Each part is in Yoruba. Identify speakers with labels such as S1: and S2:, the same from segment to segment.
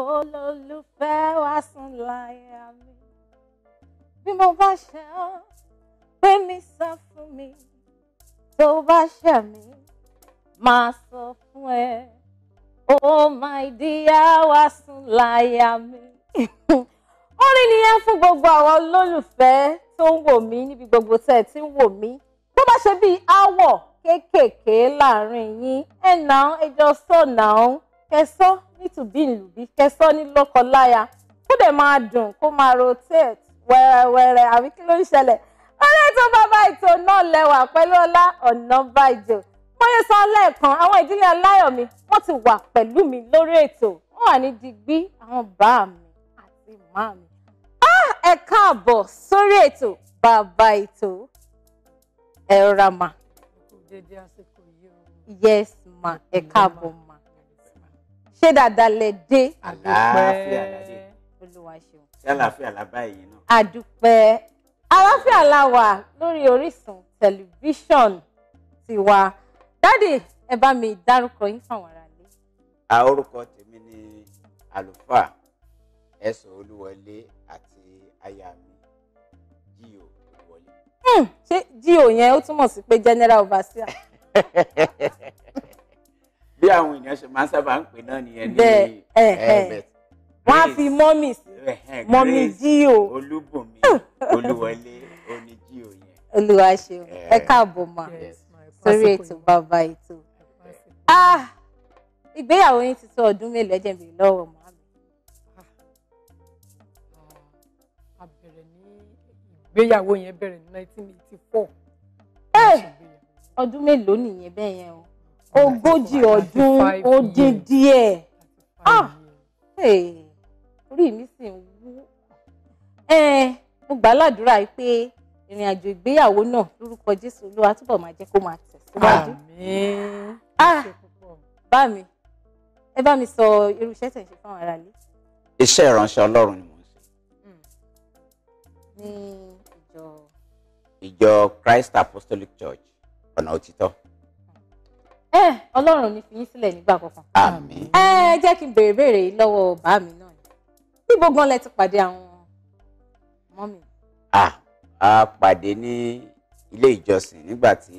S1: olólùfẹ́ wá sùn láyà mi bí mo bá ṣẹ̀ ọ́ pé mi sọ fún mi tó bá ṣẹ̀ mí máa sọ fún ẹ oh my dear wá sùn láyà mi. orin nìyẹn fún gbogbo àwọn olólùfẹ́ tó ń wò mí níbi gbogbo tẹ́ ẹ ti ń wò mí tó bá ṣe bíi áwọ̀ kéékèèké láàrin yín ẹ̀ náà ẹ jọ sọ̀ náà kẹsọ́ nítùbí ìlùbí kẹsọ́ ní lọ́kọláya kó dẹ̀ máa dùn kó máa rotate wẹ́rẹ́wẹ́rẹ́ àbí kí ló ń ṣẹlẹ̀ ọ̀rẹ́ tó bàbá ètò náà lẹ́wà pẹ̀lú Ọlá Ọ̀nàbàjọ bóyá sọ lẹ́ẹ̀kan àwọn ìdílé aláyọ̀mí wọ́n ti wà pẹ̀lú mi lórí ètò wọ́n wà ní digbí àwọn bá mi àti màá mi. á ah, ẹ káàbọ̀ sórí ètò bàbá ètò ẹ rama. yes ma ẹ káàbọ̀ ma ṣé dáadáa lẹ dé. àlàáfíà
S2: ládé olúwa ṣeun. ṣé àlàáfíà lábá yìí
S1: náà. àdúpẹ́ àlàáfíà la wà lórí Orísun tẹlifíṣọ̀n tiwa dádì ẹ bá mi dárúkọ yín fáwọn ará ilé.
S2: a orúkọ tèmi ni àlùfáà ẹsọ olúwọlé àti aya mi
S1: jíò olúwọlé. Hmm, ṣé jíò yẹn ó túmọ̀ sí pé general overseer.
S2: bí àwọn èèyàn ṣe máa ń sábà ń pè náà nìyẹn ní ẹ̀ẹ́dẹ̀t wọ́n á
S1: fi mọ́mì sí
S2: mọ́mì jíò olúbùnmi olúwọlé
S1: oníjíò yẹn. olúwa ṣeun ẹ káàbọ̀ mà sórí ètò bàbá ètò ah, ìgbéyàwó yín ti tó ọdún mélòó ẹ̀jẹ̀ mi lọ́wọ́ mà. Ah, ìgbéyàwó yẹn bẹ̀rẹ̀ ní nineteen eighty four. Eh, ọdún mélòó nìyẹn bẹ́ẹ̀ yẹn o ogójì ọdún ó dín díẹ̀ ah orí mi sì ń wú mo gbà ládùúrà yìí pé ìrìn àjò ìgbéyàwó náà lórúkọ Jésù Olúwa túbọ̀ máa jẹ́ kó máa tẹ̀síwájú ah bá mi ẹ bá mi sọ irú iṣẹ́ tẹ̀ ń ṣe fáwọn aráàlú.
S2: iṣẹ́ ìránṣẹ́ Ọlọ́run ni mò ń ṣe. Hmm.
S1: ní ìjọ.
S2: ìjọ Christ Apostolic Church ọ̀nà òtítọ́
S1: ẹ eh, ọlọ́run ò ní fi yín sílẹ̀ nígbà kankan. àmín. Eh, ẹ jẹ́ kí n béèrè béèrè lọ́wọ́ bàá mi náà níbo gan lẹ ti pàdé àwọn ọmọ mi.
S2: a pàdé ní ilé ìjọsìn nígbà tí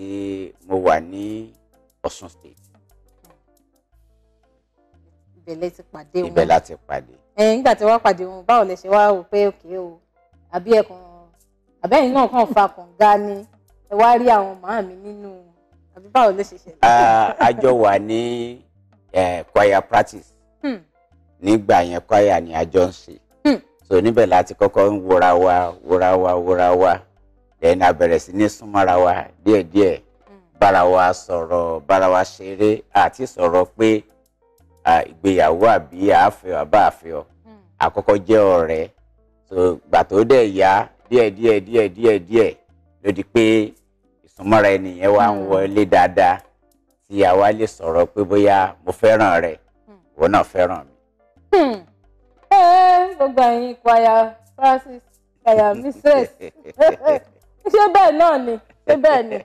S2: mo wà ní Ọ̀ṣun state.
S1: ibẹ̀ lẹ ti pàdé wọn ibẹ̀ la ti pàdé. ẹ eh, nígbà tí wàá pàdé wọn báwo lẹ ṣe wá wò pé òkè o àbí ẹ̀kan àbẹ́yìn náà kàn fa kànga ni ẹ wá rí àwọn màámi nínú àbí báwo ló ṣe
S2: ṣẹlẹ̀. a jọ wà ní choir practice hmm. nígbà yẹn choir ni a jọ ń ṣe hmm. so níbẹ̀ láti kọ́kọ́ ń wòra wa wòra wa wòra wa then a bẹ̀rẹ̀ sí ní súnmọ́ra wa díẹ̀díẹ̀ hmm. bára wa sọ̀rọ̀ bára wa ṣeré àti sọ̀rọ̀ pé ìgbéyàwó àbí àáfẹ́ àbá àfẹ́ ọ àkọ́kọ́ jẹ́ ọ̀rẹ́ so gbà tó dẹ̀ yá díẹ̀díẹ̀ díẹ̀díẹ̀ díẹ̀ ló di pé ìsúnmọ́ra ẹnìyẹn wá ń hmm. wọlé dáadáa tí a wá lè sọ̀rọ̀ pé bóyá mo fẹ́ràn rẹ̀ hmm. ìwọ náà fẹ́ràn mi.
S1: Hmm. gbogbo ẹ̀yin kwaya Francis kwaya mistress ṣé bẹ́ẹ̀ náà ni ṣé bẹ́ẹ̀ ni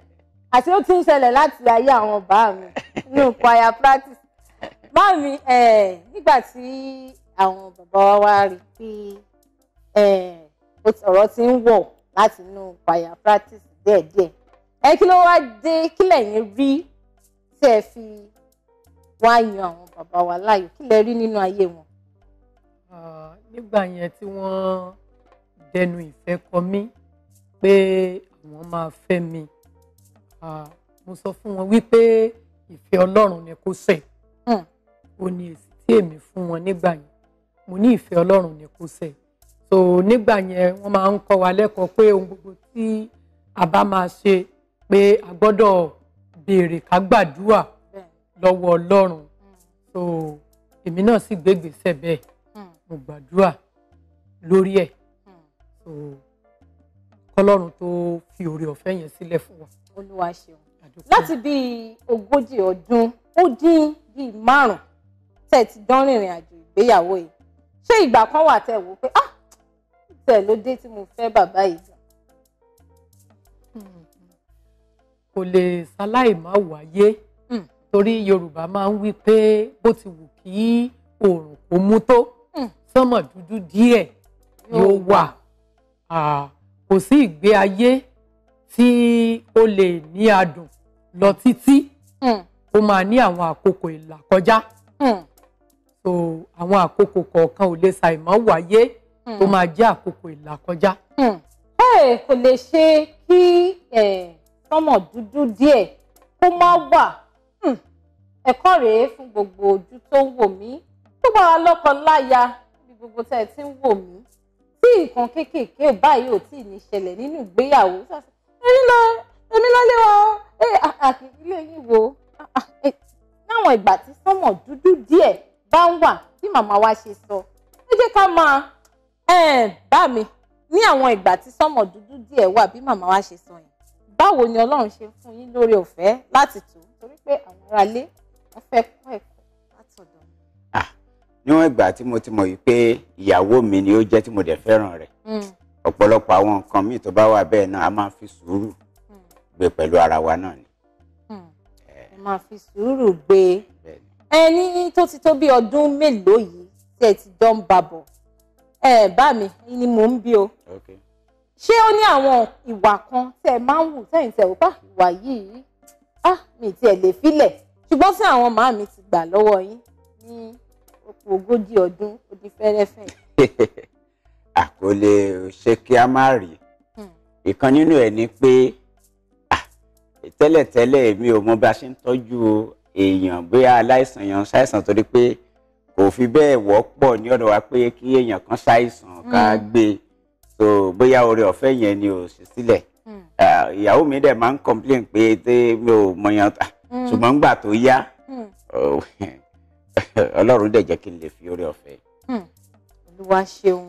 S1: àti ó ti ń ṣẹlẹ̀ láti ayé àwọn bá mi nínú kwaya practice bá mi nígbà tí àwọn bàbá wa wá rí i pé ọ̀rọ̀ ti ń wọ̀ láti inú kwaya practice díẹ̀díẹ̀ ẹ kí ló wá dé kí lẹ̀yin rí tẹ́ ẹ fi wá yan àwọn bàbá wa láàyò kí lẹ rí nínú ayé wọn.
S3: Ah, nígbà yẹn tí wọ́n dẹnu ìfẹ́ kọ mí pé àwọn máa fẹ́ mi ah, mo sọ fún wọn wípé ìfẹ́ Ọlọ́run ni kò ṣe hmm. ó ní èsì tí èmi fún wọn nígbà yẹn mo ní ìfẹ́ Ọlọ́run ni kò ṣe so nígbà yẹn wọ́n máa ń kọ́ wa lẹ́kọ̀ọ́ pé ohun gbogbo tí a bá máa ṣe pé a gbọ́dọ̀ béèrè ká gbàdúrà lọ́wọ́ Ọlọ́run so èmi náà sì gbé ìgbésẹ̀ bẹ́ẹ̀ mo gbàdúrà lórí ẹ̀ so kọ́lọ́run
S1: tó fi
S3: oore ọ̀fẹ́ yẹn sílẹ̀ fún wa.
S1: Olúwa ṣeun láti bíi ogójì ọdún ó dín bíi márùn tẹ́ ti dán rìnrìn àjò ìgbéyàwó yìí ṣé ìgbà kan wà tẹ́ wò pé ah tẹ́ ló dé tí mo fẹ́ bàbá yìí
S3: kò lè ṣaláì má wáyé hmm. torí Yorùbá máa ń wí pé bó ti wù kí oòrùn kò mú tó hmm. sánmọ̀ dúdú díẹ̀ yóò wà kò sí ìgbé ayé tí ó lè ní adùn lọ títí hmm. ó máa ní àwọn àkókò ìlà kọjá so àwọn àkókò kọ̀ọ̀kan ò lè ṣàìmọ́ wáyé tó máa jẹ́ àkókò ìlà kọjá.
S1: bẹ́ẹ̀ kò lè ṣe kí eh, tọmọ dúdú díẹ̀ kó má wà hmm. ẹ̀kọ́ rèé fún gbogbo ojú tó ń wò mí tó bá wa lọ́kọ láya bí gbogbo tẹ́ ẹ ti ń wò mí tí nǹkan kéékèèké báyìí ò tí ì ní ṣẹlẹ̀ nínú ìgbéyàwó èmi lọ èmi lọ lé wa ilé yìí wo láwọn ìgbà tí sọmọ dúdú díẹ̀ bá ń wà bí màmá wa ṣe sọ ẹ jẹ́ ká máa bá mi ní àwọn ìgbà tí sọmọ dúdú díẹ̀ wà bí màmá wa ṣe sọ yẹn báwo ni Ọlọ́run ṣe fún yín lórí ọ̀fẹ́ láti tò torí pé àwọn aráalé wọ́n fẹ́ kọ́ ẹ̀kọ́ látọ̀dọ̀.
S2: níwọ̀n ìgbà tí mo ti mọ̀ yìí pé ìyàwó mi ni ó jẹ́ tí mo dẹ̀ fẹ́ràn rẹ̀ hmm. ọ̀pọ̀lọpọ̀ àwọn nǹkan míì tó bá wà bẹ́ẹ̀ náà a máa fi sùúrù hmm. gbé pẹ̀lú ara wa náà ni.
S1: ẹ hmm. máa fi sùúrù gbé ẹni tó ti tó bí ọdún mélòó yìí tí ẹ ti jọ ń ẹ bá mi ni mò ń bí o. Okay ṣé ó ní àwọn ìwà kan tẹ́ ẹ máa ń wù tẹ́yìn tẹ́ ò bá ah, ìwà yìí á ah, mi tiẹ̀ lè filẹ̀ ṣùgbọ́n tí àwọn màá mi ti gbà lọ́wọ́ yín ní òpó ogójì ọdún ó di
S2: àkọlé ṣé kí a má rí hmm. ìkan nínú ẹ̀ ni pé ah, tẹ́lẹ̀tẹ́lẹ̀ mi ò mọ bá a ṣe ń tọ́jú èèyàn bóyá aláìsàn yẹn ṣàìsàn torí pé kò fi bẹ́ẹ̀ wọ́pọ̀ ní ọ̀dọ̀ wa pé kí èèyàn kan ṣàìsàn ká hmm. gbé e so bóyá oore ọ̀fẹ́ yẹn ni ò sí sílẹ̀ hmm. ìyàwó mi dẹ̀ máa ń complain pé tí mi ò mọyàn hmm. ṣùgbọ́n gbà tó yá hmm. oh, ọlọ́run dẹ̀ jẹ́ kí n lè fi oore ọ̀fẹ́.
S1: olúwa ṣeun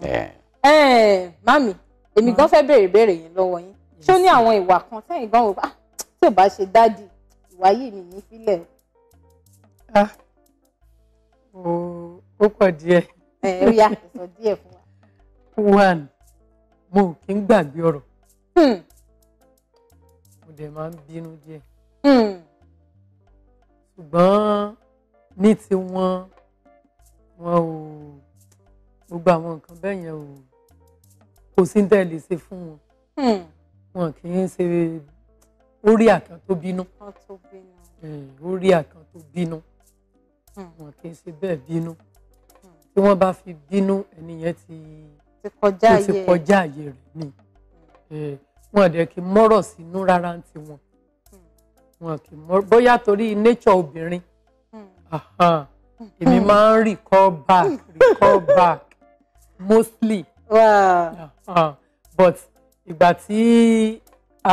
S1: mami èmi gan fẹ́ béèrè béèrè yẹn lọ́wọ́ yín ṣó ní àwọn ìwà kan sẹ́yìn gan wò bá ah, tí ò bá ṣe dádì ìwà yìí mi ní sílẹ̀.
S3: Ah. ó pọ̀ díẹ̀.
S1: ẹ̀ ó yà sọ díẹ̀ fún
S3: wa. one mo ò kí ń gbàgbé ọ̀rọ̀ hmm. mo dẹ̀ máa ń bínú díẹ̀ hmm. ṣùgbọ́n ní ti wọn wọn ò gbogbo àwọn nǹkan bẹ́ẹ̀ yẹn ò kò sí tẹ́ lè ṣe fún wọn hmm. wọn kì í ṣe orí àkàn tó bínú orí àkàn tó bínú wọn kì í ṣe bẹ́ẹ̀ bínú tí wọ́n bá fi bínú ẹni yẹn ti kọjá ayé rẹ̀ kọjá ayé rẹ̀ ni hmm. eh, wọn dẹ̀ kì í mọ́rọ̀ sínú rárá ń tiwọn wọn hmm. kì í mọ́rọ̀ bóyá torí nature obìnrin hmm. èmi máa ń recall back recall back mostly wow. uh-huh. but ìgbà tí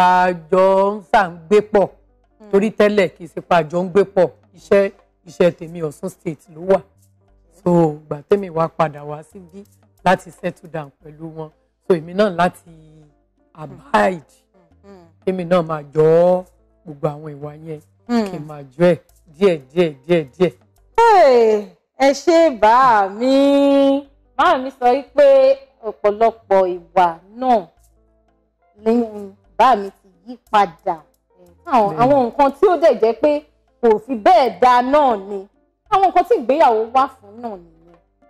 S3: àjọ ń sà ń gbé pọ̀ torí tẹ́lẹ̀ kì í ṣe pa àjọ ń gbé pọ̀ iṣẹ́ iṣẹ́ tèmi Ọ̀ṣun state ló wà so ìgbà tèmi wá padà wá síbí. Si láti settle down pẹ̀lú wọn so èmi náà láti abide èmi náà máa jọ ọ́ gbogbo àwọn ìwà yẹn hmm. kí n máa jọ ẹ̀ díẹ̀ díẹ̀ díẹ̀ díẹ̀.
S1: ẹ ṣe bàá mi bàá mi sọ pé ọ̀pọ̀lọpọ̀ ìwà náà lẹ́yìn bàá mi ti yí padà àwọn nǹkan tí ó dẹ̀ jẹ́ pé kò fi bẹ́ẹ̀ dáa náà ni àwọn nǹkan tí ìgbéyàwó wà fún náà ni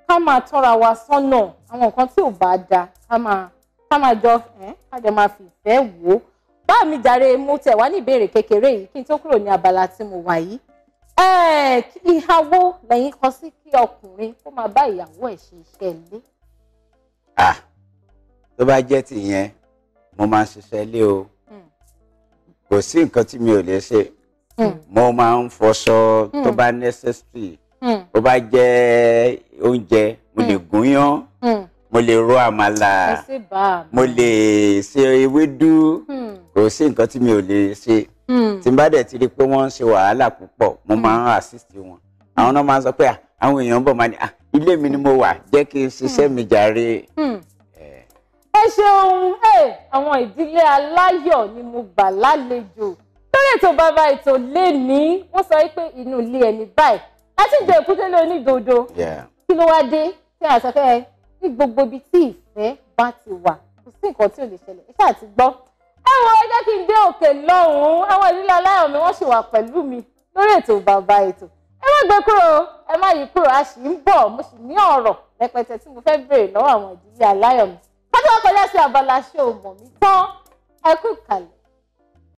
S1: ká máa tọ́ra wa sọ́nà àwọn nǹkan tí ò bá da ká máa ká máa jọ ẹ́ ká jọ máa fi ìfẹ́ wò ó. bá mi jàre mo tẹ̀ wá ní ìbéèrè kékeré yìí kí n tó kúrò ní abala tí mo wà yìí. ìhàwó lẹ́yìn kan sí kí ọkùnrin kó máa bá ìyàwó ẹ̀ ṣe iṣẹ́ ilé.
S2: tó bá jẹ́ tìyẹn mo máa ń ṣiṣẹ́ ilé o hmm. kò sí nǹkan tí mi ò lè ṣe hmm. mo máa ń fọṣọ tó hmm. bá necessary ó bá jẹ́ oúnjẹ mo lè hmm. gúnyán hmm. mo lè ro àmàlà mo lè ṣe ewédú hmm. kò sí nǹkan tí mi ò lè ṣe tí n bá dẹ̀ ti rí i pé wọ́n ń ṣe wàhálà púpọ̀ mo máa ń assist wọn àwọn náà máa ń sọ pé àwọn èèyàn bọ̀ máa ní ilé mi ni mo wà jẹ́ kí n ṣiṣẹ́ mi jàre.
S1: ẹ ṣeun àwọn ìdílé aláyọ̀ ni mo gbà lálejò lórí ètò bàbá ètò lé ní wọ́n sọ pé inú ilé ẹni báyìí a ti jẹ èkúté lé onídodo kí ló wá dé tí a sọ fẹ́ ní gbogbo ibi tí ìfẹ́ bá ti wà kò sí nǹkan tí ò lè ṣẹlẹ̀ iṣẹ́ àti gbọ́. ẹ wo ẹ jẹ́ kí n dé òkè lọ́hùn-ún àwọn ìdílé aláyọ̀ mi wọ́n ṣì wà pẹ̀lú mi lórí ètò bàbá ètò ẹ má gbé kúrò ẹ má yí kúrò a sì ń bọ̀ mo sì ní ọ̀rọ̀ rẹpẹtẹ tí mo fẹ́ béèrè lọ́wọ́ àwọn ìdílé aláyọ̀ mi. ká tó wá kọjá sí abala ṣé o mọ̀ tán ẹ kú ìkàlẹ̀.